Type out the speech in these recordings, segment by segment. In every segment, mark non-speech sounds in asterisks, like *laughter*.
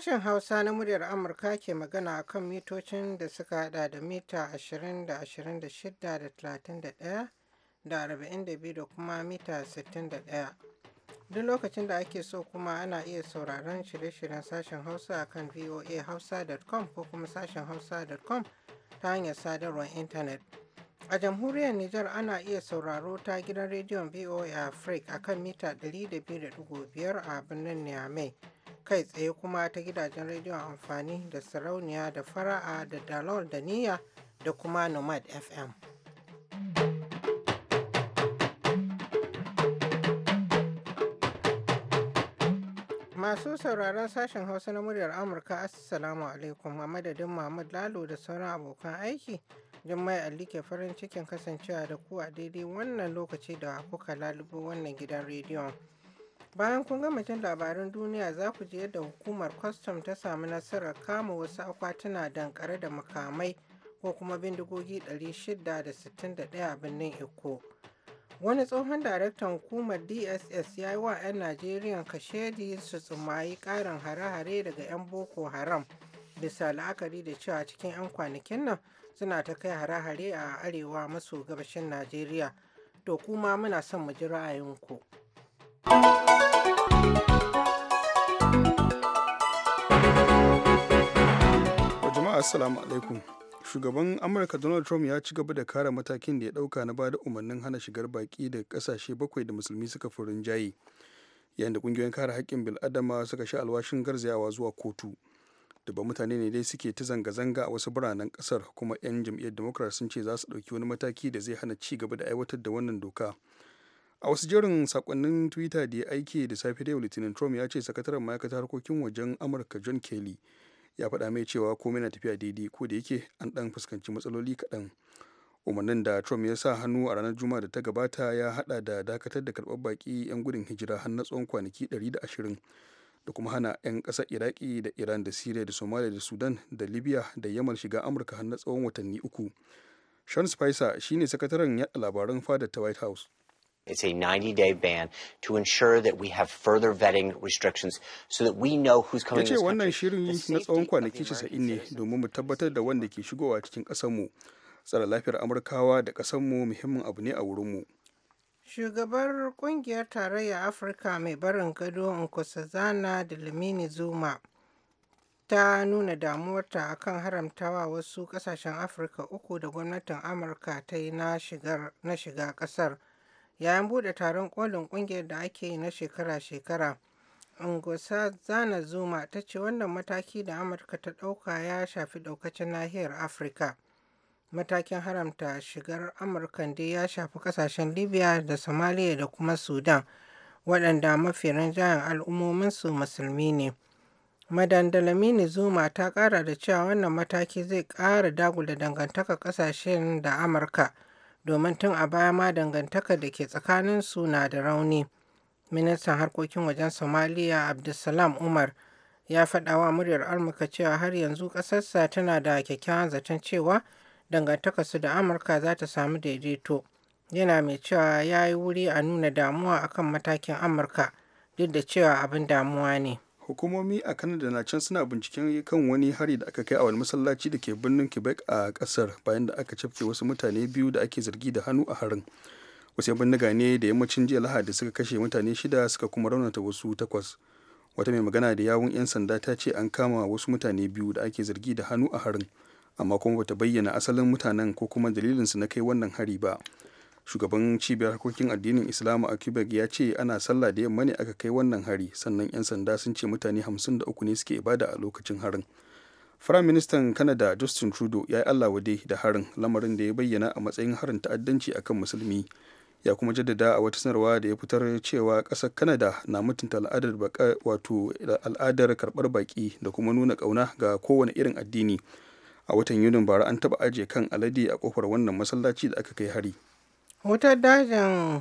Sashen Hausa na muryar Amurka ke magana a kan mitocin da suka hada da mita 20 da 26 da 31 da 42 da kuma mita 61. Duk lokacin da ake so kuma ana iya sauraron shirye-shiryen sashen Hausa a kan voahausa.com ko kuma sashen hausa.com ta hanyar sadarwar intanet. A jamhuriyar Nijar ana iya sauraro ta gidan rediyon VOA Africa a kan mita 102.5 a birnin Niamey. kai tsaye kuma ta gidajen rediyon amfani da sarauniya da fara'a da dalol da niyya da kuma nomad fm masu sauraron sashen hausa na muryar amurka assalamu alaikum a madadin mahmud lalo da sauran abokan aiki jima'i alli ke farin cikin kasancewa da ku a daidai wannan lokaci da kuka lalubo wannan gidan rediyon Bayan kun gama jin labarin duniya za ku ji yadda hukumar kwastam ta sami nasarar kama wasu akwatuna dankare da makamai ko kuma bindigogi 661 a birnin Eko. Wani tsohon daraktan hukumar DSS ya yi wa 'yan Najeriya kashedi su tsumayi karin hare-hare daga 'yan Boko Haram bisa la'akari da cewa cikin 'yan kwanakin nan suna ta kai hare-hare a arewa maso gabashin Najeriya. To kuma muna son mu ji ra'ayinku. ku. jama'a alaikum shugaban amurka donald trump ya ci gaba da kare matakin da ya dauka na bada umarnin hana shigar baki da kasashe bakwai da musulmi suka fi rinjaye yayin da kungiyoyin kare haƙƙin bil'adama suka sha alwashin garzayawa zuwa kotu dubban mutane ne dai suke ta zanga-zanga a wasu biranen kasar kuma 'yan jam'iyyar democrat sun ce za su ɗauki wani mataki da zai hana ci gaba da aiwatar da wannan doka a wasu jerin sakonnin twitter da ya aike da safe da litinin trump ya ce sakataren ma'aikatar harkokin wajen amurka john kelly ya faɗa mai cewa komai na tafiya daidai ko da yake an ɗan fuskanci matsaloli kaɗan umarnin da trump ya sa hannu a ranar juma'a da ta gabata ya haɗa da dakatar da karɓar baƙi 'yan gudun hijira har na tsawon kwanaki 120 da kuma hana 'yan ƙasar iraki da iran da syria da somalia da sudan da libya da yamal shiga amurka har na tsawon watanni uku sean spicer shine sakataren yaɗa labaran fadar ta white house It's a 90 day ban to ensure that we have further vetting restrictions so that we know who's coming to the wannan shirin na tsawon kwanaki 90 ne domin mu tabbatar da wanda ke shigowa cikin ƙasarmu. Tsara lafiyar Amurkawa da ƙasarmu muhimmin abu ne a wurinmu. Shugabar kungiyar tarayya Afirka mai barin gado Nkosazana lamini Zuma ta nuna damuwarta akan haramtawa wasu kasashen Afirka uku da gwamnatin Amurka ta yi na shiga ƙasar. yayin buɗe taron kolin ƙungiyar da ake yi na shekara-shekara zana zuma ta ce wannan mataki da amurka ta ɗauka ya shafi ɗaukacin nahiyar afirka matakin haramta shigar amurka dai ya shafi ƙasashen libya da somalia da kuma sudan waɗanda mafi rinjayen al'ummominsu musulmi ne Madandalami ne zuma ta ƙara da cewa wannan mataki zai ƙara dagula dangantaka ƙasashen da amurka domin tun a baya ma dangantaka da ke tsakaninsu na da rauni. Ministan harkokin wajen Somaliya Abdulsalam Umar ya faɗa wa muryar Amurka cewa har yanzu ƙasarsa tana da kyakkyawan zaton cewa dangantakarsu da Amurka za ta samu daidaito. Yana mai cewa ya yi wuri a nuna damuwa akan matakin Amurka duk da cewa abin damuwa ne. hukumomi a kanada na can suna binciken kan wani hari da aka kai a wani masallaci da ke birnin quebec a kasar bayan da aka cafke wasu mutane biyu da ake zargi da hannu a harin wasu bindiga ne da yammacin jiya lahadi suka kashe mutane shida suka kuma raunata wasu takwas wata mai magana da yawun 'yan sanda ta ce an kama wasu mutane biyu da ake zargi da hannu a harin amma kuma bata bayyana asalin mutanen ko kuma dalilinsu na kai wannan hari ba shugaban cibiyar harkokin addinin islamu a quebec ya ce ana sallah da yamma ne aka kai wannan hari sannan 'yan sanda sun ce mutane 53 ne suke ibada a lokacin harin firayim ministan canada justin trudeau ya yi allah wade da harin lamarin da ya bayyana a matsayin harin ta'addanci akan musulmi ya kuma jaddada a wata sanarwa da ya fitar cewa ƙasar canada na mutunta al'adar wato al'adar karɓar baƙi da kuma nuna ƙauna ga kowane irin addini a watan yunin bara an taɓa ajiye kan alade a ƙofar wannan masallaci da aka kai hari Wutar dajin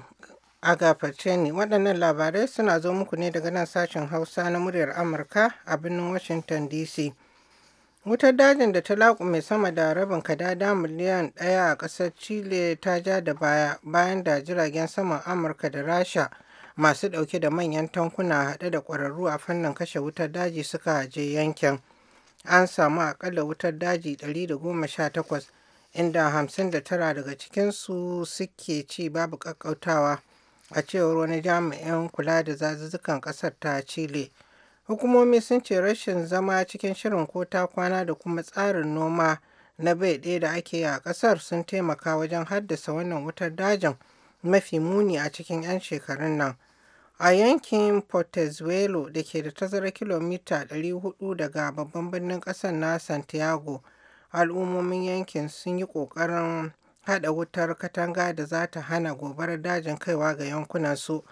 agaface ne waɗannan labarai suna zo muku ne daga nan sashen Hausa na muryar Amurka a birnin Washington DC. Wutar dajin da ta laƙume sama da rabin kadada miliyan ɗaya a ƙasar Chile ta ja da baya bayan da jiragen saman Amurka da Rasha masu ɗauke da manyan tankuna haɗe da ƙwararru a fannin kashe wutar daji suka haje yankin. An samu aƙalla wutar daji 118 inda hamsin da tara daga cikinsu suke ci babu ƙaƙƙautawa a cewar wani jami'in kula da zazuzzukan ƙasar ta chile hukumomi sun ce rashin zama cikin shirin ko ta kwana da kuma tsarin noma na bai ɗaya da ake yi a ƙasar sun taimaka wajen haddasa wannan wutar dajin mafi muni a cikin 'yan shekarun nan a yankin portezuelo da ke da tazara kilomita 400 daga babban birnin ƙasar na santiago al'ummomin yankin sun yi ƙoƙarin haɗa wutar katanga da za ta hana gobarar dajin kaiwa ga yankunan su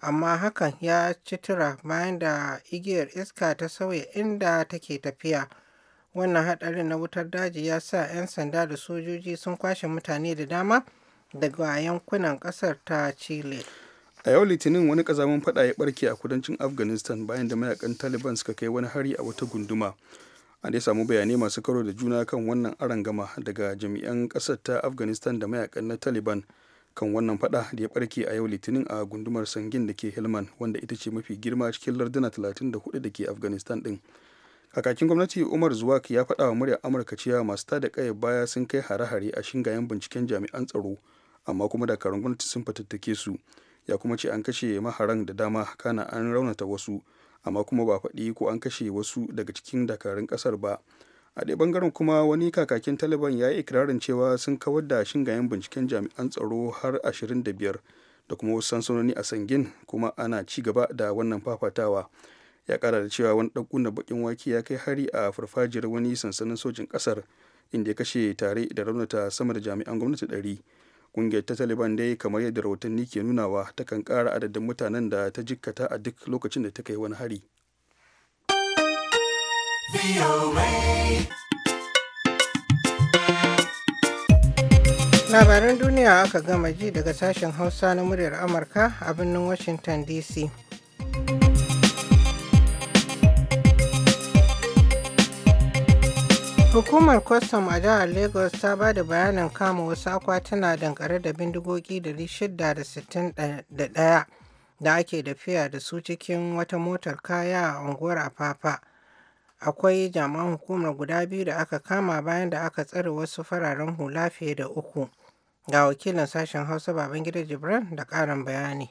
amma hakan ya ci tura bayan da igiyar iska ta sauya inda take tafiya wannan haɗarin na wutar daji ya sa 'yan sanda da sojoji sun kwashe mutane da dama daga yankunan ƙasar ta chile a yau litinin wani kazamin fada ya barke a kudancin afghanistan bayan da mayakan taliban suka kai wani hari a wata gunduma an dai samu bayanai masu karo da juna kan wannan arangama daga jami'an kasar ta afghanistan da mayakan na taliban kan wannan fada da ya barke a yau litinin a gundumar sangin da ke hilman wanda ita ce mafi girma cikin larduna 34 da ke afghanistan din kakakin gwamnati umar zuwak ya faɗawa wa muryar amurka cewa masu tada kai baya sun kai hare-hare a shingayen binciken jami'an tsaro amma kuma dakarun gwamnati sun fatattake su ya kuma ce an kashe maharan da dama kana an raunata wasu amma kuma ba faɗi ko an kashe wasu daga cikin dakarun ƙasar ba a ɗaya bangaren kuma wani kakakin taliban ya yi ikirarin cewa sun kawar da shingayen binciken jami'an tsaro har 25 da kuma wasu sansanoni a sangin kuma ana ci gaba da wannan fafatawa ya kara da cewa wani ɗan baƙin wake ya kai hari a farfajiyar wani sansanin sojin ƙasar inda ya kashe tare da raunata sama da jami'an gwamnati ɗari kungiyar ta taliban dai kamar yadda rahotanni ke nunawa takan kara adadin mutanen da ta jikkata a duk lokacin da ta kai wani hari labaran duniya aka gama ji daga sashen hausa na muryar amurka a birnin washington dc Hukumar Kwastam a jihar Lagos ta ba da bayanin kama wasu akwatuna dangare da bindigogi 661 da ake tafiya da su cikin wata motar kaya a unguwar Afafa. Akwai jami'an hukumar guda biyu da aka kama bayan da aka tsare wasu fararen hula fiye da uku. Ga wakilin sashen Hausa Babangida Jibran da ƙarin bayani.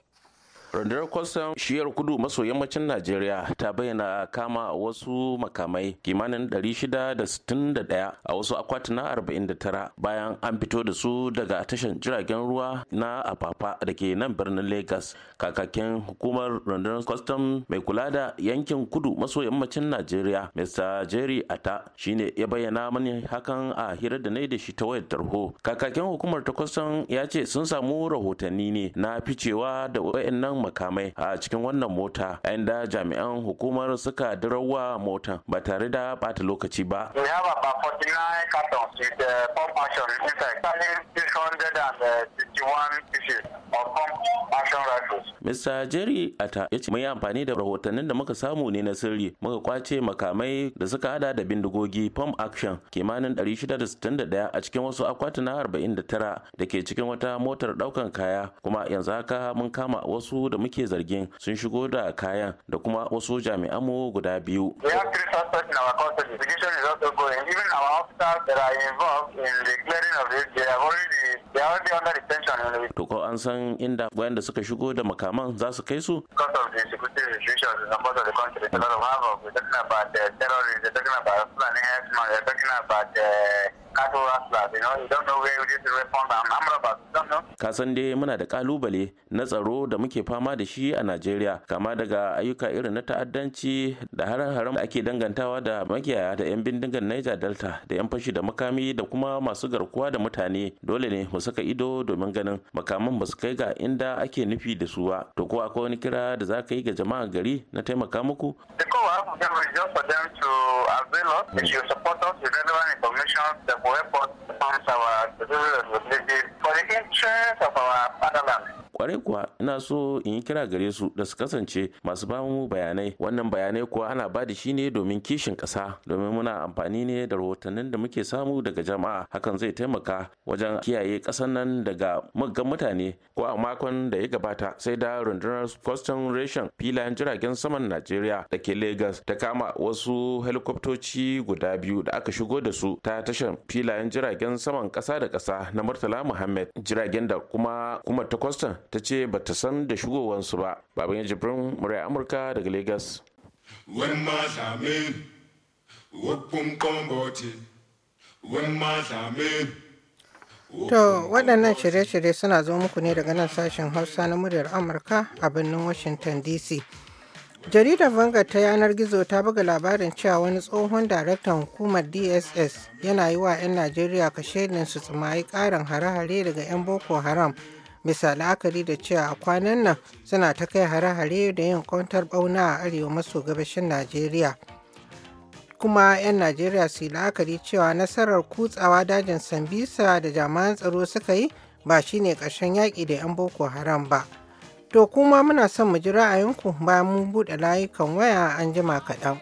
rundunar kwastam shiyar kudu maso yammacin najeriya ta bayyana kama wasu makamai kimanin 661 a wasu akwatuna 49 bayan an fito da su daga tashar jiragen ruwa na afafa da ke nan birnin lagos kakakin hukumar rundunar kwastam mai kula da yankin kudu maso yammacin najeriya mr jerry ata shine ya bayyana mani hakan a hirar da na da shi ta wayar tarho kakakin hukumar ta kwastam ya ce sun samu rahotanni ne na ficewa da wayannan makamai a cikin wannan mota inda jami'an hukumar suka dirawa motan ba tare da bata lokaci ba. We have about 49 cartons with uh, pump action inside, uh, pieces of pump action rifles. Mr. Jerry Ata ya ce mun yi amfani da rahotannin da muka samu ne na sirri muka kwace makamai da suka hada da bindigogi pump action kimanin 661 a cikin wasu akwatuna 49 da ke cikin wata motar daukan kaya kuma yanzu haka mun kama wasu da muke zargin sun shigo da kayan da kuma wasu jami'anmu guda biyu. To ko an san inda wayanda suka shigo da makamai zaman za su kai su kasan dai muna da kalubale na tsaro da muke fama da shi a najeriya kama daga ayyuka irin na ta'addanci da haram da ake dangantawa da makiyaya da 'yan bindigan niger delta da 'yan fashi da makami da kuma masu garkuwa da mutane dole ne mu saka ido domin ganin makaman ba su kai ga inda ake nufi da su ba to ko akwai wani kira da za ka yi ga jama'a gari na taimaka muku kwarai kuwa ina so in yi kira gare su da su kasance masu ba mu bayanai wannan bayanai kuwa ana ba da shi ne domin kishin ƙasa domin muna amfani ne da rahotannin da muke samu daga jama'a hakan zai taimaka wajen kiyaye ƙasan nan daga muggan mutane ko a makon da ya gabata sai da rundunar kwastan reshen filayen jiragen saman najeriya da ke lagos ta kama wasu helikwaftoci guda biyu da aka shigo da su ta tashar filayen jiragen saman kasa da kasa na murtala muhammad jiragen da kuma kuma ta Coastal ta ce ba ta san da shigowansu ba baban ya jibrin murai amurka daga lagos Wen ma zame, wopum kombote wen ma zame, To waɗannan shirye-shirye suna zo muku ne daga nan sashen Hausa na muryar Amurka a birnin Washington DC. Jaridar Vanga ta yanar gizo ta buga labarin cewa wani tsohon daraktan hukumar DSS yana yi wa 'yan Najeriya kashedin su tsumayi ƙarin hare-hare daga 'yan Boko Haram bisa la'akari da cewa a kwanan nan suna ta kai hare-hare da yin kwantar ɓauna a arewa maso gabashin Najeriya. kuma 'yan Najeriya su yi la'akari cewa nasarar kutsawa dajin Sambisa da jami'an tsaro suka yi ba shi ne ƙarshen yaƙi da 'yan Boko Haram ba. To kuma muna son mu ji ra'ayinku bayan mun buɗe layukan waya an jima kaɗan.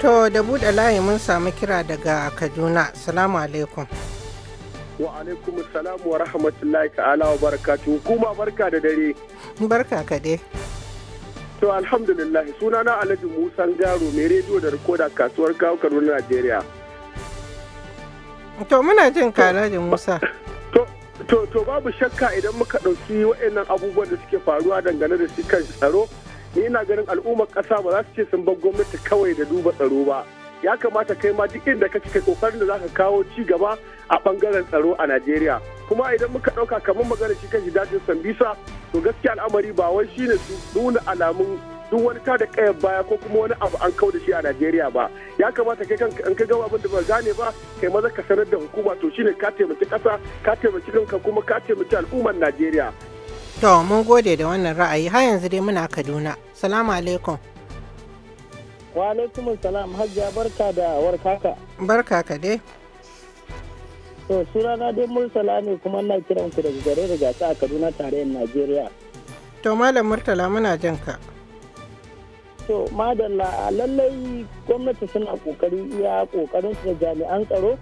To da buɗe layi mun samu kira daga Kaduna. Salamu alaikum. Wa alaikum salamu wa rahmatullahi ta'ala wa barakatuhu. Kuma barka da dare. Barka ka dai. To alhamdulillah sunana Alhaji Musa Garo mai rediyo da rikoda kasuwar kawo Kaduna Najeriya. To muna jin ka Alhaji Musa. To to babu shakka idan muka ɗauki waɗannan abubuwan da suke faruwa dangane da shi kan tsaro ni ina ganin al'ummar ƙasa ba za su ce sun bar gwamnati kawai da duba tsaro ba ya kamata kai ma duk inda kake kai kokarin da zaka kawo ci gaba a bangaren tsaro a Najeriya kuma idan muka dauka kamar magana shi kan Hidayat Sambisa to gaskiya al'amari ba wai shine su nuna alamun duk wani da kayan baya ko kuma wani abu an kau da shi a Najeriya ba ya kamata kai kanka an ka gama abin da ba gane ba kai maza ka sanar da hukuma to shine ka taimaki kasa ka taimaki kanka kuma ka taimaki al'ummar Najeriya To, mun gode da wannan ra'ayi har yanzu dai muna Kaduna. Salamu alaikum. Wa alaikum salam hajjia barka da warkaka. Barka ka dai. To, sunana dai Murtala ne kuma na kiran ku daga gare da gasa a Kaduna tarayyar Najeriya. To, Malam Murtala muna jin ka. To, madalla lallai gwamnati suna kokari iya kokarin su da jami'an tsaro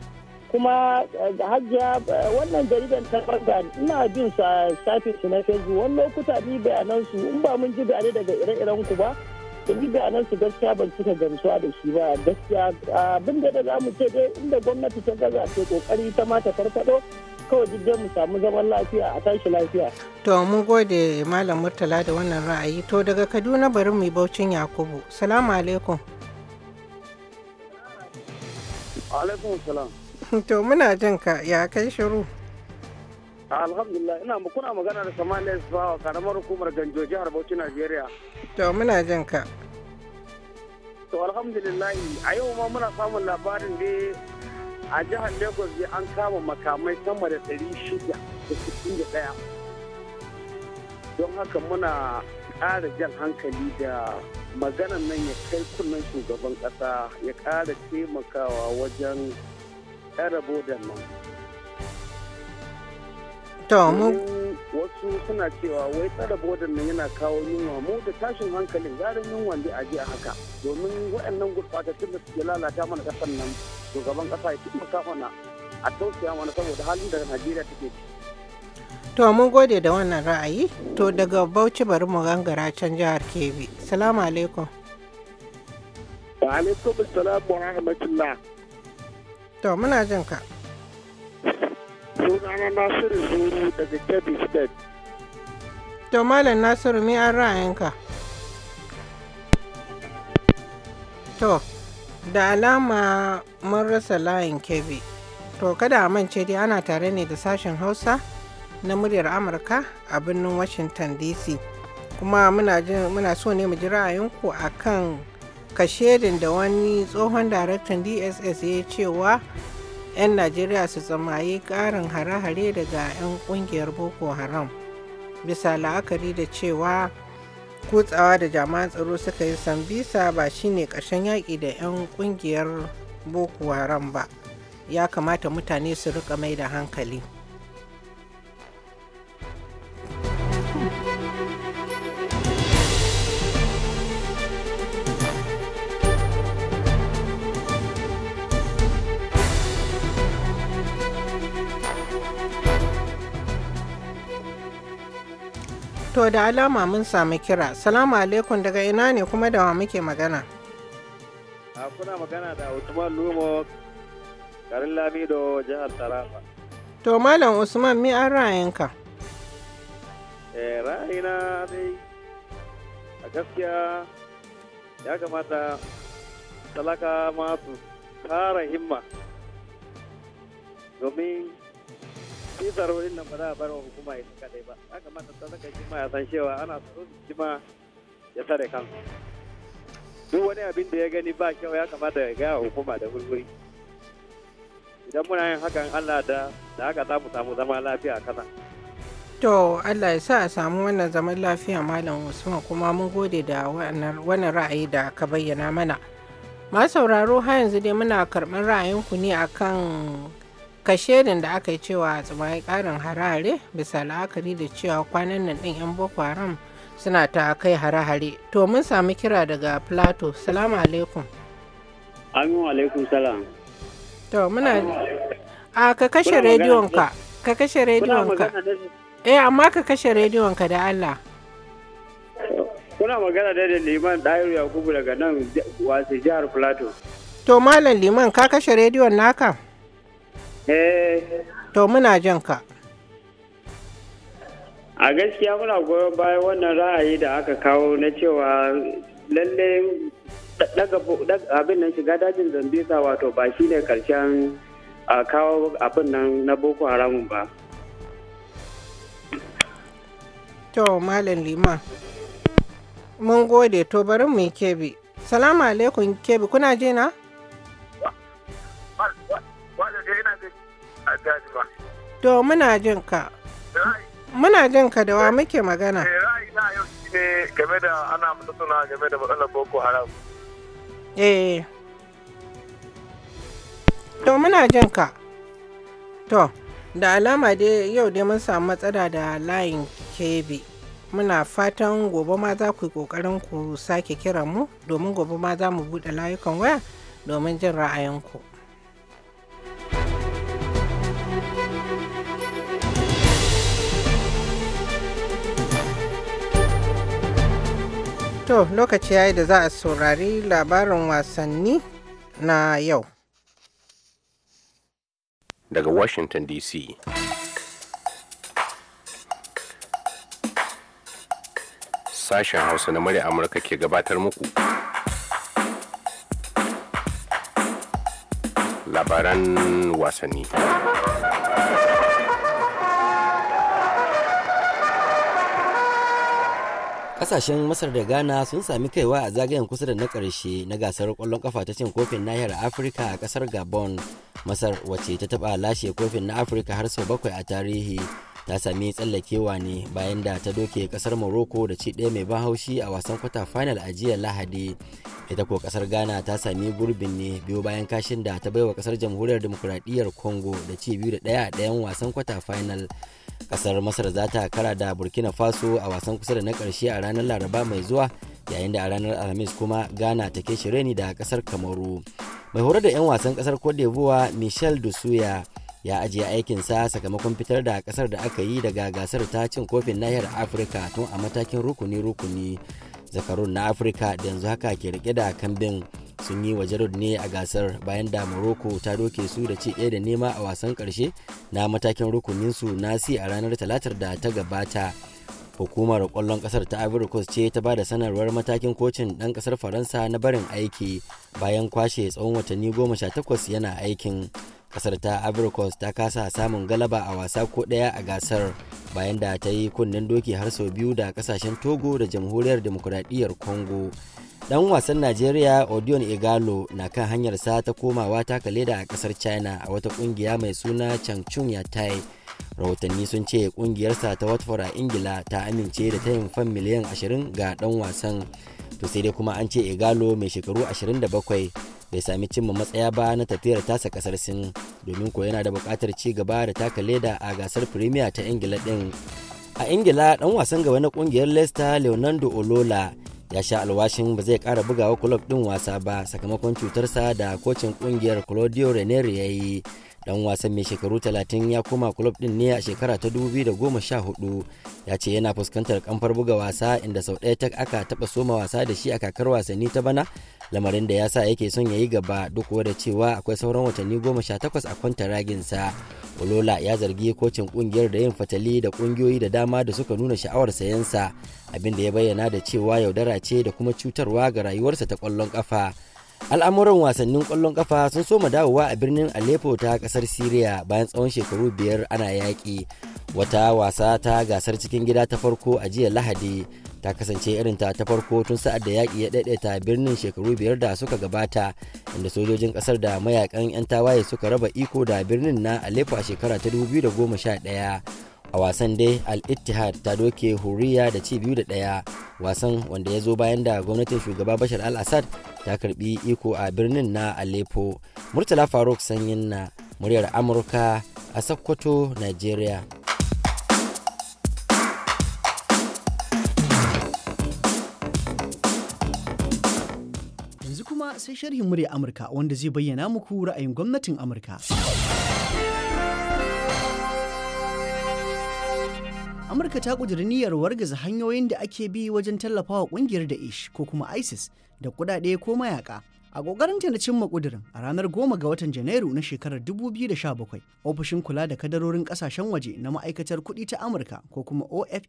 kuma eh, hajjiya eh, wannan jaridar ta banga ina bin su a shafin su na facebook wani lokuta ni bayanan su in ba mun ji bayanai daga ire-iren ku ba in ji bayanan su gaskiya ban cika gamsuwa da shi ba gaskiya abin da za mu ce dai inda gwamnati ta gaza ce kokari ta ma ta farfado kawai duk mu samu zaman lafiya a tashi lafiya. to mun gode malam murtala da wannan ra'ayi to daga kaduna bari mu yi baucin yakubu salamu alaikum. alaikum salam. *laughs* to muna jin ka ya kai shiru alhamdulillah ina kuna magana da samaniya isfawa karamar hukumar ganjo jihar bauchi najeriya to muna jin ka to alhamdulillah a yau ma muna samun labarin da a jihar lagos an kama makamai sama da ɗari ɗaya don haka muna ƙara jan hankali da maganan nan ya kai kunnen shugaban ƙasa ya ƙara taimakawa wajen ƙara bodan nan. To wasu suna cewa wai tsara bodan nan yana kawo yunwa mu da tashin hankalin garin yunwan da aji a haka domin waɗannan gurɓatattun da suke lalata mana ƙasar nan shugaban ƙasa ya taimaka mana a tausaya mana saboda halin da Najeriya take To mun gode da wannan ra'ayi to daga Bauchi bari mu gangara can jihar Kebbi. Salamu alaikum. Wa alaikum assalam wa rahmatullah. To muna jin ka. Sunana Nasiru Zuru daga Kebbi State. To Malam Nasiru me an ra'ayinka? To da alama mun rasa layin Kebbi. To kada a mance dai ana tare ne da sashen Hausa na muryar Amurka a birnin Washington DC. Kuma muna so ne mu ji ra'ayinku a akan kashedin da wani tsohon daraktan dss ya cewa 'yan najeriya su tsamayi karin hare-hare daga 'yan kungiyar boko haram bisa la'akari da cewa kutsawa da jama'an tsaro suka yi sambisa ba shine ƙarshen yaƙi da 'yan kungiyar boko haram ba ya kamata mutane su rika mai da hankali. To da alama mun sami kira. Salamu alaikum daga ina ne kuma da wa muke magana? A kuna magana da Usman Lumo garin Lamido jihar Taraba. To Malam Usman mi an ra'ayinka? Eh ra'ayina dai a gaskiya ya kamata talaka masu kara himma domin tsarorin nan ba za a bar wa hukuma ya kadai ba ya kamata ya san cewa ana ya tare kansa duk wani abin da ya gani ba kyau ya kamata ya gaya hukuma da wurwuri idan muna yin hakan allah da da haka za mu samu zama lafiya a kasa to allah ya sa a samu wannan zaman lafiya malam usman kuma mun gode da wannan ra'ayi da ka bayyana mana ma sauraro har yanzu dai muna karɓar ra'ayinku ne akan kashedin da aka yi cewa a tsumayi karin harare bisa la'akari da cewa kwanan nan ɗin 'yan boko haram suna ta kai hare-hare to mun sami kira daga plato salamu alaikum amin alaikum salam to muna a ka kashe rediyon ka ka kashe rediyon ka eh amma ka kashe rediyon ka da Allah kuna magana da liman ɗayiru yakubu daga nan wasu jihar plato to malam liman ka kashe rediyon naka Eh. To muna jan ka. A gaskiya muna goyon bayan wannan ra'ayi da aka kawo na cewa lalle abin nan shiga dajin Zambisa wato ba shi ne karshen a kawo abin nan na Boko Haramun ba. To Malam Lima. Mun gode to bari mu yi kebi. Salamu alaikum kebi kuna jina? ba. To muna jin ka. Muna jin ka da wa muke magana. Eh, yau game da ana game da matsalar Boko Haram. Eh. To muna jin ka. To, da alama dai yau dai mun samu matsala da layin kebe. Muna fatan gobe ma za ku yi ƙoƙarin ku sake kiran mu domin gobe ma za mu buɗe layukan waya domin jin ra'ayinku. To lokaci ya yi da za a saurari labarin wasanni na yau. Daga Washington DC. Sashen Hausa na murya Amurka ke gabatar muku. Labaran wasanni. Kasashen Masar da Ghana sun sami kaiwa a zagayen kusa da na karshe, na gasar kwallon kafa ta cin kofin nahiyar Afirka a kasar Gabon. Masar wacce ta taba lashe kofin na Afirka har sau bakwai a tarihi ta sami tsallakewa ne bayan da ta doke kasar Morocco da ci ɗaya mai ban haushi a wasan kwata final a jiya Lahadi. Ita ko kasar Ghana ta sami gurbin ne biyu bayan kashin da ta baiwa kasar Jamhuriyar Dimokuraɗiyyar Congo da ci biyu da ɗaya a ɗayan wasan kwata final. kasar masar za ta kara da burkina faso a wasan kusa da na karshe a ranar laraba mai zuwa yayin da a ranar alhamis kuma ghana ta ke shireni da kasar kamaru mai horar da 'yan wasan kasar cote d'ivoire michel dusuya ya ajiye aikinsa sakamakon fitar da kasar da aka yi daga gasar ta cin kofin nahiyar afirka tun a matakin rukuni-rukuni zakarun na afirka da yanzu haka ke rike da kambin sun yi wa jarud ne a gasar bayan da morocco ta doke su da ci ɗaya da nema a wasan karshe na matakin rukuninsu na si a ranar talatar da ta gabata hukumar kwallon kasar ta ivory ce ta ba da sanarwar matakin kocin dan kasar faransa na barin aiki bayan kwashe tsawon watanni goma sha takwas yana aikin kasar ta ivory ta kasa samun galaba a wasa ko daya a gasar bayan da ta yi kunnen doki har sau biyu da kasashen togo da jamhuriyar demokuraɗiyyar congo dan wasan nigeria odion igalo na kan hanyarsa ta komawa taka leda a kasar china a wata kungiya mai suna changchun tai rahotanni sun ce kungiyarsa ta watford a ingila ta amince da tayin fan miliyan 20 ga dan wasan to sai dai kuma an ce igalo mai shekaru 27 bai sami cimma matsaya ba na tafiyar tasa kasar sin domin ko yana da bukatar ci gaba da taka leda a gasar premier ta ingila din a ingila dan wasan gaba na kungiyar leicester leonardo olola ya sha alwashin ba zai kara bugawa kulob din wasa ba sakamakon cutarsa da kocin kungiyar claudio ranieri ya yi dan wasan mai shekaru 30 ya koma kulob din ne a shekara ta 2014 ya ce yana fuskantar kamfar buga wasa inda sau ɗaya tak aka taɓa soma wasa da shi a kakar wasanni ta bana lamarin da ya sa yake son ya yi gaba duk da cewa akwai sauran watanni 18 a kwanta raginsa olola ya zargi kocin kungiyar da yin fatali da kungiyoyi da dama da suka nuna sha'awar sayansa abinda ya bayyana da cewa yaudara ce da kuma cutarwa ga rayuwarsa ta kwallon kafa al'amuran wasannin kwallon kafa sun soma dawowa a birnin aleppo ta kasar syria bayan tsawon shekaru biyar ana yaƙi wata wasa ta gasar cikin gida ta farko a jiya lahadi ta kasance irin ta ta farko tun sa'ad da yaƙi ya daidaita birnin shekaru biyar da suka gabata inda sojojin ƙasar da mayakan 'yan tawaye suka raba iko da birnin na aleppo a shekara ta 2011 a wasan dai al-ittihad ta doke huriya da ci biyu da ɗaya wasan wanda ya zo bayan da gwamnatin shugaba bashar al-assad ta karbi iko a birnin na aleppo murtala faruk sanyin na muryar amurka a sokoto nigeria yanzu kuma sai sharhin murya amurka wanda zai bayyana muku ra'ayin gwamnatin amurka amurka ta ƙudiri niyyar wargaza hanyoyin da ake bi wajen tallafawa ƙungiyar ish ko kuma isis da kudade ko mayaka a ta na cimma kudirin a ranar 10 ga watan janairu na shekarar 2017 ofishin kula da kadarorin ƙasashen waje na ma'aikatar kuɗi ta amurka ko kuma ofac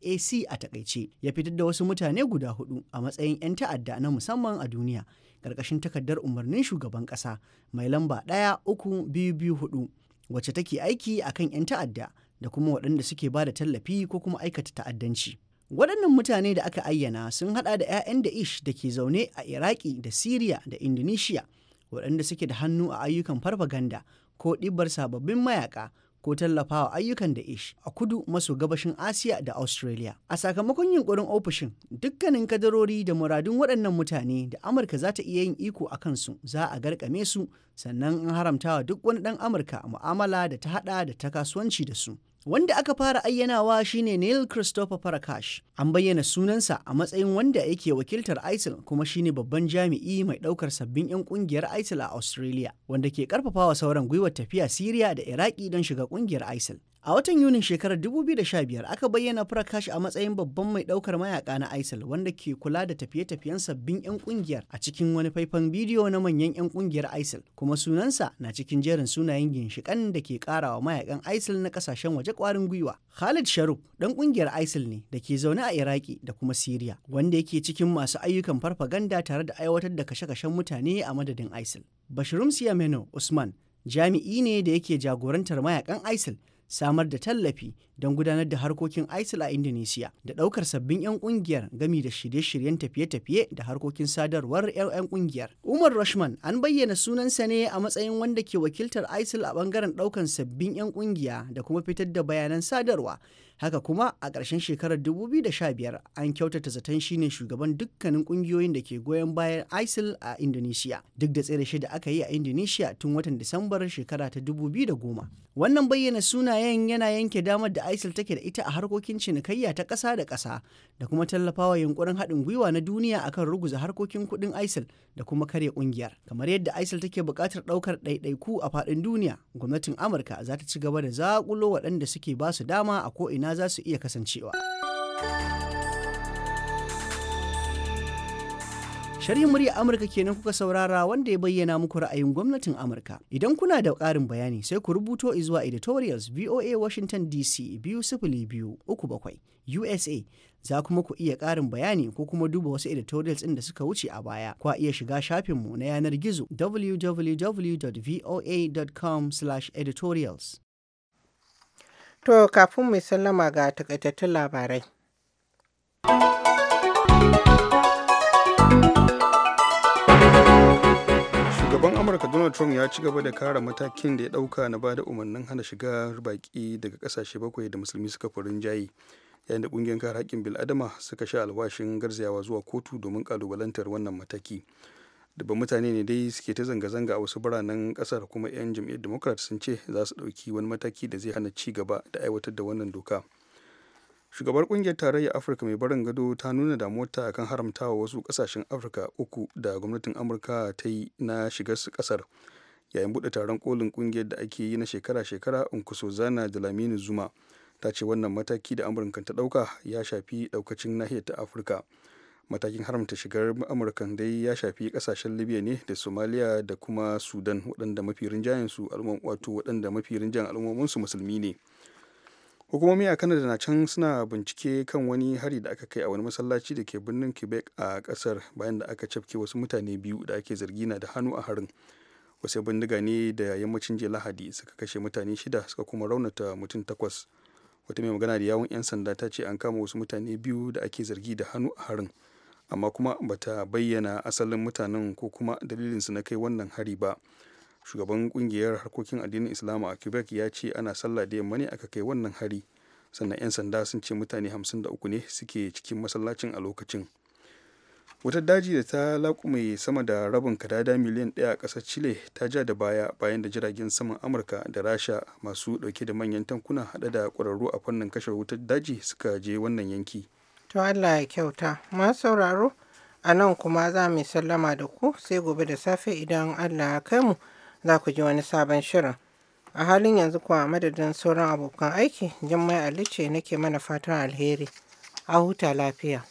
a takaice ya fitar da wasu mutane guda hudu a matsayin 'yan ta'adda na musamman a duniya ƙarƙashin takardar umarnin shugaban ƙasa mai lamba ɗaya uku biyu biyu wacce take aiki akan 'yan ta'adda da kuma waɗanda suke ba da tallafi ko kuma aikata ta'addanci. Waɗannan mutane da aka ayyana sun haɗa da 'ya'yan da ish da ke zaune a Iraki da Siriya da Indonesia waɗanda suke da hannu a ayyukan farfaganda ko ɗibar sababbin mayaka ko tallafawa ayyukan da ish a kudu maso gabashin asiya da australia a sakamakon yunƙurin ofishin dukkanin kadarori da muradun waɗannan mutane da amurka za ta iya yin iko a kansu za a garƙame su sannan an haramtawa duk wani ɗan amurka mu'amala da ta haɗa da ta kasuwanci da su Wanda aka fara ayyanawa shine Neil Christopher Farakash. An bayyana sunansa a matsayin wanda yake wakiltar ISIL kuma shine babban jami'i mai daukar sabbin 'yan kungiyar ISIL a Australia, wanda ke wa sauran gwiwar tafiya syria da Iraki don shiga kungiyar ISIL. A watan Yunin shekarar 2015 aka bayyana Prakash a matsayin babban mai ɗaukar mayaka na ISIL wanda ke kula da tafiye-tafiyen sabbin 'yan ƙungiyar a cikin wani faifan bidiyo na manyan 'yan ƙungiyar ISIL kuma sunansa na cikin jerin sunayen ginshikan da ke karawa mayakan ISIL na kasashen waje kwarin gwiwa. Khalid Sharuf dan ƙungiyar ISIL ne da ke zaune a Iraki da kuma Siriya wanda yake cikin masu ayyukan farfaganda tare da aiwatar da kashe-kashen mutane a madadin ISIL. Bashirum Siyameno Usman jami'i ne da yake jagorantar mayakan ISIL samar da tallafi don gudanar da harkokin ISIL a Indonesia da ɗaukar sabbin 'yan ƙungiyar gami da shirye-shiryen tafiye-tafiye da harkokin sadarwar 'yan ƙungiyar. Umar Rashman an bayyana sunansa ne a matsayin wanda ke wakiltar ISIL a ɓangaren ɗaukar sabbin 'yan ƙungiya da kuma fitar da bayanan sadarwa Haka kuma a ƙarshen shekarar 2015 an kyautata zaton shine shugaban dukkanin ƙungiyoyin da ke goyon bayan ISIL a Indonesia duk da tsere shi da aka yi a Indonesia tun watan Disambar shekara ta 2010. Wannan bayyana sunayen yana yanke damar da ISIL take da ita a harkokin cinikayya ta ƙasa da ƙasa da kuma tallafawa yunkurin haɗin gwiwa na duniya akan ruguza harkokin kuɗin ISIL da kuma karya ƙungiyar. Kamar yadda ISIL take buƙatar ɗaukar ɗaiɗaiku a faɗin duniya, gwamnatin Amurka za ta ci gaba da zaƙulo waɗanda suke basu dama a ko ina. ina za su iya kasancewa. Sharhin murya Amurka kenan kuka saurara wanda ya bayyana muku ra'ayin gwamnatin Amurka. Idan kuna da ƙarin bayani sai ku rubuto zuwa editorials VOA Washington DC biyu sifili biyu uku bakwai USA za kuma ku iya ƙarin bayani ko kuma duba wasu editorials ɗin da suka wuce a baya. Kwa iya shiga shafinmu na yanar gizo www.voa.com/editorials. To kafin mu sallama ga takaitattun labarai. Shugaban Amurka Donald Trump ya ci gaba da kara matakin da ya dauka na bada umarnin hana shiga baki daga kasashe bakwai da musulmi suka fi jayi yayin da kungiyar kare haƙƙin bil'adama suka sha alwashin garzayawa zuwa kotu domin ƙalubalantar wannan mataki. dubban mutane ne dai suke ta zanga-zanga a wasu biranen kasar kuma 'yan jam'iyyar democrat sun ce za su ɗauki wani mataki da zai hana ci gaba da aiwatar da wannan doka shugabar kungiyar tarayyar afirka mai barin gado ta nuna damuwarta kan haramtawa wasu kasashen afirka uku da gwamnatin amurka ta yi na shigar su kasar yayin buɗe taron kolin kungiyar da ake yi na shekara-shekara zana da lamini zuma ta ce wannan mataki da amurka ta ɗauka ya shafi ɗaukacin nahiyar ta afirka matakin haramta shigar amurkan dai ya shafi kasashen libya ne da somalia da kuma sudan waɗanda mafi rinjayen su wato waɗanda mafi rinjayen al'ummominsu musulmi ne hukumomi a kanada na can suna bincike kan wani hari da aka kai a wani masallaci da ke birnin quebec a kasar bayan da aka cafke wasu mutane biyu da ake zargi na da hannu a harin wasu bindiga ne da yammacin jiya lahadi suka kashe mutane shida suka kuma raunata mutum takwas wata mai magana da yawon 'yan sanda ta ce an kama wasu mutane biyu da ake zargi da hannu a harin amma kuma bata bayyana asalin mutanen ko kuma dalilinsu na kai wannan hari ba shugaban kungiyar harkokin addinin islamu a quebec ya ce ana sallah da yamma ne aka kai wannan hari sannan 'yan sanda sun ce mutane 53 ne suke cikin masallacin a lokacin wata daji da ta laƙume sama da rabin kadada miliyan ɗaya a ƙasar chile ta ja da baya bayan da jiragen saman amurka da rasha masu ɗauke da manyan tankuna haɗe da ƙwararru a fannin kashe wutar daji suka je wannan yanki To Allah ya kyauta. Masu sauraro, a nan kuma za mu sallama da ku sai gobe da safe idan Allah ya kai mu za ku ji wani sabon shirin. A halin yanzu kuwa madadin sauran abokan aiki, Jummai Ali ce nake mana fatan alheri. A huta lafiya.